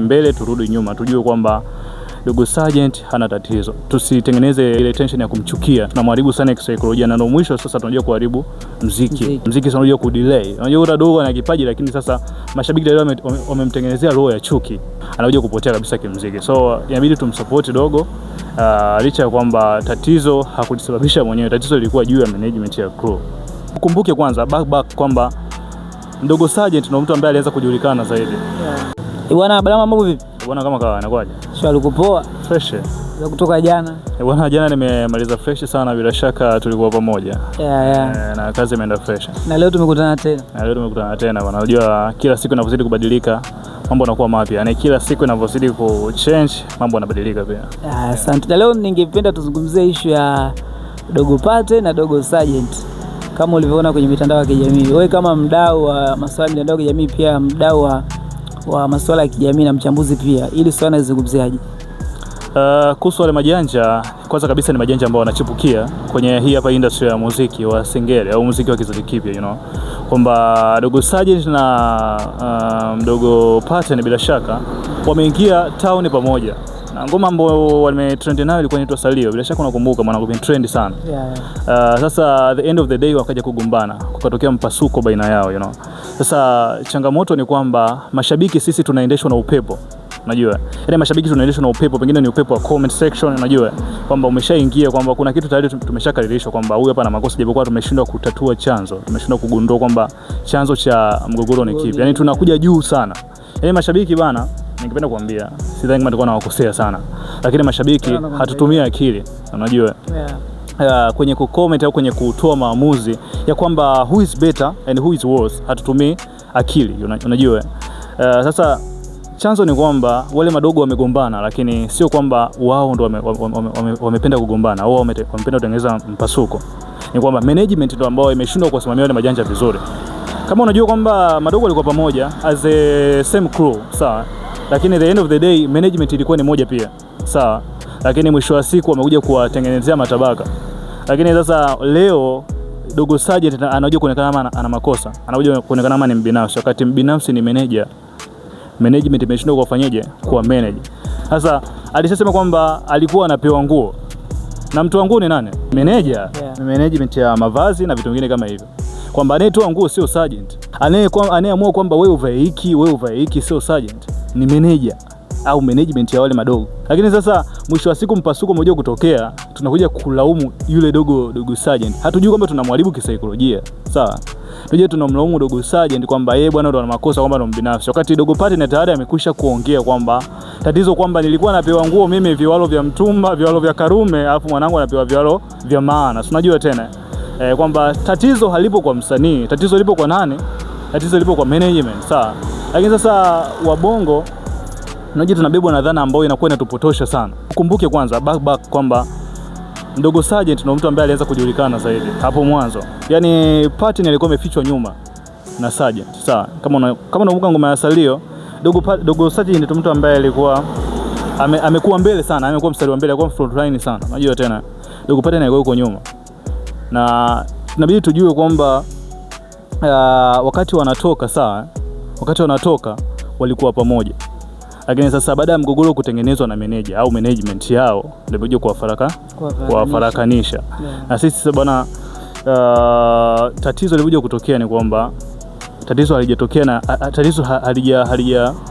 mbele turudi nyuma, tujue kwamba ndugu Sergeant hana tatizo, tusitengeneze ile tension ya kumchukia, tunamharibu sana kisaikolojia, na ndio mwisho sasa tunajua kuharibu mziki mziki, mziki sasa unakuja kudelay. Unajua ule dogo ana kipaji, lakini sasa mashabiki leo wamemtengenezea roho ya chuki, anakuja kupotea kabisa kimziki, so inabidi tumsupport dogo uh, licha ya kwamba tatizo hakujisababisha mwenyewe, tatizo lilikuwa juu ya management ya crew. Kumbuke kwanza back back kwamba ndugu Sergeant ndio mtu ambaye alianza kujulikana zaidi yeah. Eh, bwana Balama, mambo vipi? Bwana kama kawa, anakuaje? Sio alikupoa? Fresh. Za kutoka jana. Eh, bwana jana nimemaliza fresh sana, bila shaka tulikuwa pamoja. Yeah, yeah. E, na kazi imeenda fresh. Na leo tumekutana tena. Na leo tumekutana tena bwana. Unajua kila siku inavyozidi kubadilika mambo yanakuwa mapya. Yaani kila siku inavyozidi change mambo yanabadilika pia. Ah, asante. Na leo ningependa tuzungumzie issue ya Dogo Pate na Dogo Sergeant kama ulivyoona kwenye mitandao ya kijamii. Wewe kama mdau wa masuala ya mitandao ya kijamii pia mdau wa wa masuala ya kijamii na mchambuzi pia, ili swala nalizungumziaje? Uh, kuhusu wale majanja, kwanza kabisa ni majanja ambao wanachipukia kwenye hii hapa industry ya muziki wa singeli au muziki wa kizazi kipya you know, kwamba dogo Sajent na uh, mdogo um, Paten bila shaka wameingia town pamoja na ngoma ambayo wametrend nayo ilikuwa inaitwa Salio, bila shaka unakumbuka maana kwa trend sana yeah. yeah. Uh, sasa the end of the day wakaja kugombana, kukatokea mpasuko baina yao you know. Sasa changamoto ni kwamba mashabiki sisi tunaendeshwa na upepo Unajua, yani, mashabiki tunaendeshwa na upepo, pengine ni upepo wa comment section. Unajua kwamba umeshaingia kwamba kuna kitu tayari tumeshakaririshwa kwamba huyu hapa na makosa, japokuwa tumeshindwa kutatua chanzo, tumeshindwa kugundua kwamba chanzo cha mgogoro ni kipi. Yani tunakuja juu sana, yani mashabiki bana ningependa kuambia, sidhani kama nilikuwa nawakosea sana, lakini mashabiki hatutumia akili, unajua yeah. Uh, kwenye kucomment au kwenye kutoa maamuzi ya kwamba who is better and who is worse, hatutumii akili, unajua uh, sasa chanzo ni kwamba wale madogo wamegombana, lakini sio kwamba wao ndo wamependa wame, wame, wame kugombana au wamependa kutengeneza mpasuko. Ni kwamba management ndo ambao imeshindwa kuwasimamia wale majanja vizuri. Kama unajua kwamba madogo walikuwa pamoja as a same crew, sawa lakini the end of the day management ilikuwa ni moja pia, sawa. Lakini mwisho wa siku wamekuja kuwatengenezea matabaka. Lakini sasa leo Dogo Sergeant anakuja kuonekana kama ana makosa, anakuja kuonekana kama ni mbinafsi, wakati mbinafsi ni manager. Management imeshindwa kuwafanyaje, kuwa manage. Sasa alishasema kwamba alikuwa anapewa nguo na mtu wangu ni nani? Meneja, yeah. Management ya mavazi na vitu vingine kama hivyo, kwamba anayetoa nguo sio Sergeant, anayeamua kwamba wewe uvae hiki, wewe uvae hiki sio Sergeant ni meneja au management ya wale madogo. Lakini sasa mwisho wa siku mpasuko mmoja kutokea, tunakuja kulaumu yule dogo dogo sergeant. Hatujui kwamba tunamharibu kisaikolojia. Sawa. Tuje tunamlaumu dogo sergeant kwamba yeye bwana ndo ana makosa kwamba ndo mbinafsi. Wakati dogo na tayari amekwisha kuongea kwamba tatizo kwamba nilikuwa napewa nguo mimi viwalo vya mtumba, viwalo vya Karume, alafu mwanangu anapewa viwalo vya maana. Tunajua tena. E, kwamba tatizo halipo kwa msanii, tatizo lipo kwa nani? Tatizo lipo kwa management. Sawa. Lakini sasa wabongo unajua, tunabebwa na dhana ambayo inakuwa inatupotosha sana. Ukumbuke kwanza back back kwamba Mdogo Sergeant ndio mtu ambaye alianza kujulikana zaidi hapo mwanzo, yaani Pateni alikuwa amefichwa nyuma na Sergeant. Sawa, kama una, kama unakumbuka ngoma ya Salio, Dogo Dogo Sergeant ndio mtu ambaye alikuwa ame, amekuwa mbele sana, amekuwa mstari wa mbele, alikuwa front line sana. Unajua tena Dogo Pateni alikuwa yuko nyuma, na tunabidi tujue kwamba uh, wakati wanatoka saa wakati wanatoka walikuwa pamoja, lakini sasa baada ya mgogoro kutengenezwa na meneja au management yao ndio kuja kuwafaraka kuwafarakanisha yeah. Na sisi bwana uh, tatizo lilikuja kutokea ni kwamba tatizo halijatokea na ah, tatizo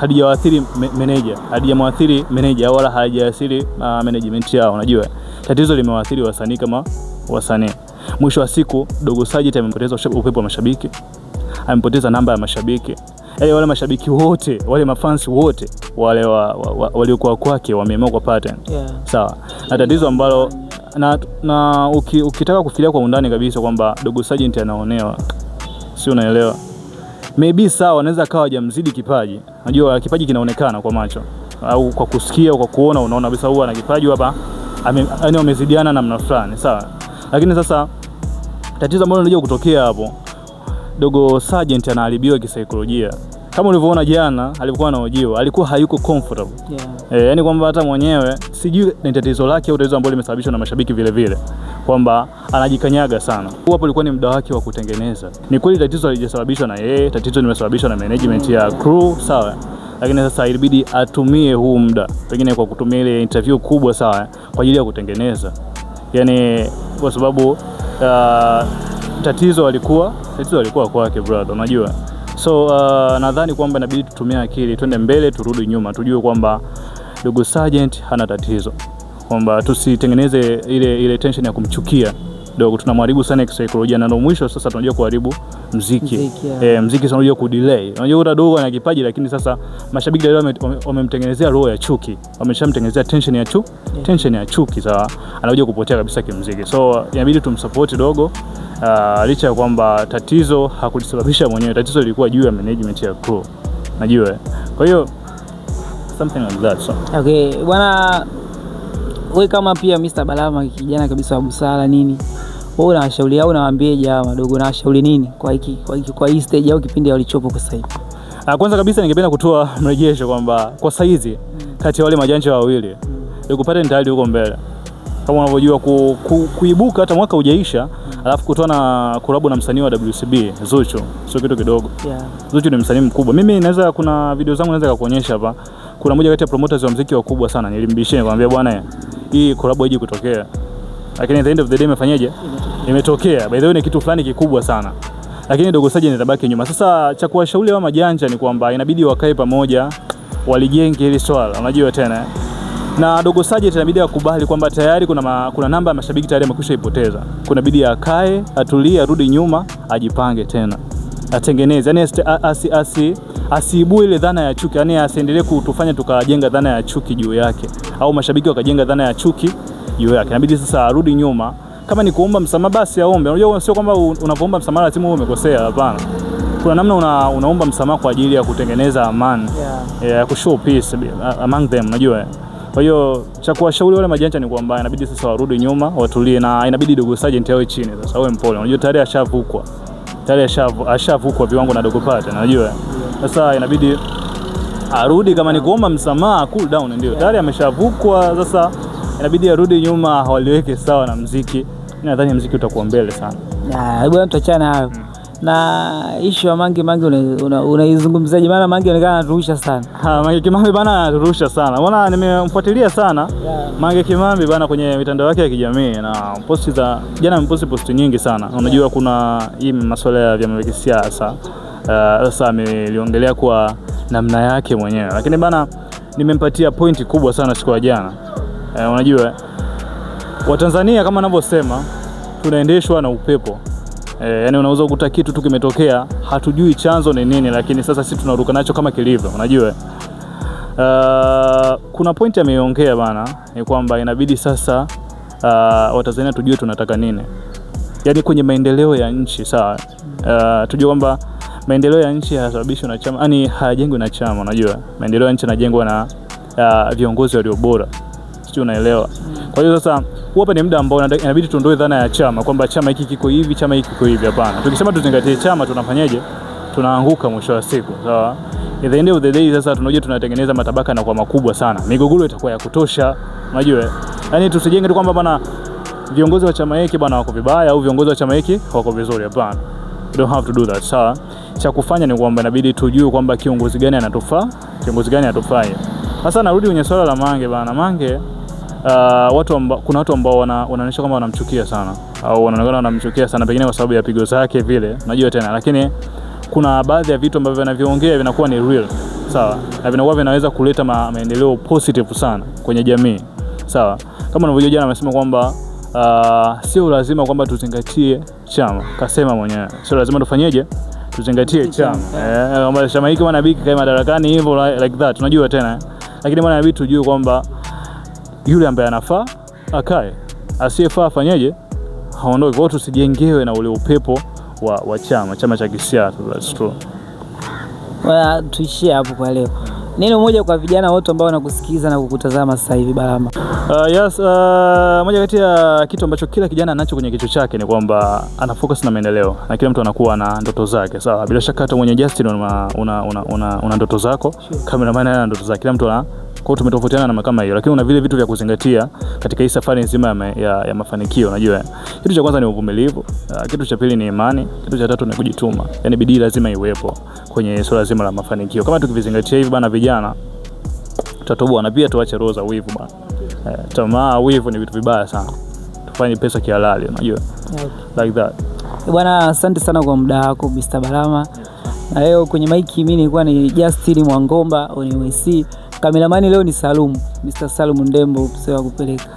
halijawaathiri meneja halijamwathiri meneja wala halijaathiri uh, ah, management yao. Unajua tatizo limewaathiri wasanii kama wasanii. Mwisho wa siku Dogo Sajid amepoteza upepo wa mashabiki, amepoteza namba ya mashabiki yani wale mashabiki wote wale mafans wote wale waliokuwa kwake wameamua kwa pattern yeah. Sawa na tatizo ambalo na, na uki, ukitaka kufikiria kwa undani kabisa kwamba Dogo Sergeant anaonewa, si unaelewa? Maybe sawa, anaweza akawa hajamzidi kipaji. Unajua kipaji kinaonekana kwa macho au kwa kusikia kwa kuona, unaona kabisa huwa ana kipaji hapa, yaani wamezidiana namna fulani, sawa. Lakini sasa tatizo ambalo linakuja kutokea hapo dogo Sergeant anaharibiwa kisaikolojia kama ulivyoona jana alivyokuwa anaojiwa, alikuwa hayuko comfortable yeah. E, eh, yani kwamba hata mwenyewe sijui ni tatizo lake au tatizo ambalo limesababishwa na mashabiki vile vile, kwamba anajikanyaga sana. Hapo ilikuwa ni muda wake wa kutengeneza. Ni kweli tatizo halijasababishwa na yeye, tatizo limesababishwa na management ya crew, sawa lakini sasa ilibidi atumie huu muda pengine kwa kutumia ile interview kubwa sawa, kwa ajili ya kutengeneza, yani kwa sababu uh, tatizo walikuwa tatizo walikuwa kwake brother, unajua so uh, nadhani kwamba inabidi tutumie akili, twende mbele, turudi nyuma, tujue kwamba ndugu Sergeant hana tatizo, kwamba tusitengeneze ile, ile tension ya kumchukia kidogo tunamharibu sana kisaikolojia, na ndio mwisho sasa tunajua kuharibu mziki mziki, yeah. E, mziki tunajua ku delay. Unajua yule dogo ana kipaji, lakini sasa mashabiki leo wamemtengenezea ome, roho ya chuki, wameshamtengenezea tension ya chuki, yeah. Tension ya chuki sawa, anakuja kupotea kabisa kimziki, so inabidi tumsupport dogo. Uh, ah, licha ya kwamba tatizo hakujisababisha mwenyewe, tatizo lilikuwa juu ya management ya crew, najua kwa hiyo something like that so. Okay, bwana we kama pia Mr. Balama kijana kabisa wa busara nini, wewe unawashauri au unawaambia jamaa wadogo, nawashauri nini kwa hiki kwa hiki kwa hii stage au kipindi walichopo kwa sasa hivi? Ah, kwanza kabisa ningependa kutoa mrejesho kwamba kwa sasa hizi hmm. kati ya wale majanja wawili hmm. nikupate ni tayari huko mbele kama unavyojua ku, ku, kuibuka hata mwaka hujaisha mm. Alafu kutoa na kulabu na msanii wa WCB Zuchu sio kitu kidogo yeah. Zuchu ni msanii mkubwa. Mimi naweza kuna video zangu naweza kukuonyesha hapa, kuna moja kati ya promoters wa muziki wakubwa sana, nilimbishia nikamwambia bwana hii collab haiji kutokea, lakini at the end of the day imefanyaje? Imetokea. By the way ni kitu fulani kikubwa sana, lakini Dogo saje nitabaki nyuma. Sasa cha kuwashauri wa majanja ni kwamba inabidi wakae pamoja, walijenge hili swala, unajua tena na Dogo saje inabidi akubali kwamba tayari kuna, ma, kuna namba ya mashabiki tayari amekwisha ipoteza. Kuna bidii akae, atulie, arudi nyuma, ajipange tena, atengeneze yani asi, asi asiibue ile dhana ya chuki, yani asiendelee kutufanya tukajenga dhana ya chuki juu yake, au mashabiki wakajenga dhana ya chuki juu yake. Inabidi sasa arudi nyuma, kama ni kuomba msamaha basi aombe. Unajua sio kwamba unapoomba msamaha lazima umekosea, hapana. Kuna namna una, unaomba msamaha kwa ajili ya kutengeneza amani ya yeah. yeah, kushow peace uh, among them, unajua kwa hiyo cha kuwashauri wale majanja ni kwamba inabidi sasa warudi nyuma, watulie na inabidi Dogo Sergeant awe chini sasa, awe mpole. Unajua tayari ashavukwa, tayari ashavukwa viwango na Dogo pata, unajua sasa inabidi arudi, kama ni kuomba msamaha, cool down, ndio yeah. tayari ameshavukwa. Sasa inabidi arudi nyuma, waliweke sawa na mziki. Nadhani mziki utakuwa mbele sana bwana, tuachana hayo mm. na ishu ya Mange Mange unaizungumzaje? una, una maana Mange onekana anaturusha sana ha, Mange Kimambi bana anaturusha sana bwana, nimemfuatilia sana yeah. Mange Kimambi bana kwenye mitandao yake ya kijamii na posti za jana, ameposti posti nyingi sana unajua, yeah. kuna hii masuala ya vyama vya kisiasa Eh, sasa uh, ameliongelea kwa namna yake mwenyewe, lakini bana, nimempatia pointi kubwa sana siku ya jana. Uh, unajua Watanzania kama anavyosema tunaendeshwa na upepo e, yani unaweza kukuta kitu tu kimetokea, hatujui chanzo ni nini, lakini sasa sisi tunaruka nacho kama kilivyo. Unajua uh, kuna point ameiongea bana, ni kwamba inabidi sasa uh, Watanzania tujue tunataka nini, yani kwenye maendeleo ya nchi sawa. Uh, tujue kwamba maendeleo ya nchi hayasababishwi na chama, yani hayajengwi na chama. Unajua, maendeleo ya nchi yanajengwa na ya viongozi walio bora, sijui Unaelewa? Kwa hiyo sasa huu hapa ni muda ambao inabidi tuondoe dhana ya chama kwamba chama hiki kiko hivi, chama hiki kiko hivi. Hapana, tukisema tuzingatie chama tunafanyaje? Tunaanguka mwisho wa siku, sawa? At the end of the day, sasa tunajua tunatengeneza matabaka na kwa makubwa sana, migogoro itakuwa ya kutosha. Unajua, yani tusijenge tu kwamba bana viongozi wa chama hiki bana wako vibaya au viongozi wa chama hiki wako vizuri. Hapana. We don't have to do that. Sawa, cha kufanya ni kwamba inabidi tujue kwamba kiongozi gani anatufaa, kiongozi gani hatufai. Sasa narudi kwenye swala la Mange bana. Mange Uh, watu amba, kuna watu ambao wanaonyesha kwamba wanamchukia sana au wanaonekana wanamchukia sana pengine kwa sababu ya pigo zake vile, najua tena, lakini kuna baadhi ya vitu ambavyo anavyoongea vinakuwa ni real sawa, na vinakuwa vinaweza kuleta ma, maendeleo positive sana kwenye jamii sawa. Kama unavyojua jana amesema kwamba uh, sio lazima kwamba tuzingatie chama kasema mwenyewe, sio lazima tufanyeje, tuzingatie chama eh, chama hiki bwana biki kae madarakani hivyo like that, unajua tena. Eh. Lakini bwana biki tujue kwamba yule ambaye anafaa akae, asiyefaa afanyeje, haondoke. Kwa tusijengewe na ule upepo wa, wa chama chama cha kisiasa. Tuishie hapo kwa leo neno moja kwa vijana wote ambao wanakusikiza na kukutazama sasa hivi Balama? Uh, yes, uh, moja kati ya kitu ambacho kila kijana anacho kwenye kichwa chake ni kwamba ana focus na maendeleo, na kila mtu anakuwa na ndoto zake. Sawa, bila shaka hata mwenye Justin una, una, una, una ndoto zako, sure. Cameraman ana ndoto zake, kila mtu ana kwa tumetofautiana na kama hiyo, lakini una vile vitu vya kuzingatia katika hii safari nzima ya, ya, ya mafanikio. Unajua, kitu cha kwanza ni uvumilivu, ah, kitu cha pili ni imani, kitu cha tatu ni kujituma. Yani bidii lazima iwepo kwenye swala zima la mafanikio. Kama tukivizingatia hivi bana, vijana tutatoboa, na pia tuache roho za wivu bana. Eh, tamaa, wivu ni vitu vibaya sana, tufanye pesa kihalali, unajua okay. like that bwana. Asante sana kwa muda wako Mr. Balama, na leo kwenye maiki mimi nilikuwa ni Justin Mwangomba on Kameramani leo ni Salum, Mr. Salum Ndembo, msee wa kupeleka.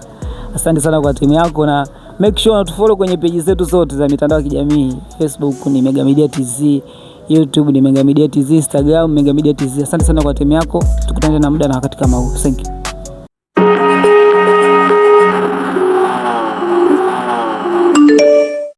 Asante sana kwa timu yako na make sure unatufollow kwenye peji zetu zote za mitandao ya kijamii. Facebook ni Mega Media TZ, YouTube ni Mega Media TZ, Instagram Mega Media TZ. Asante sana kwa timu yako, tukutane na muda na wakati kama huu. Thank you.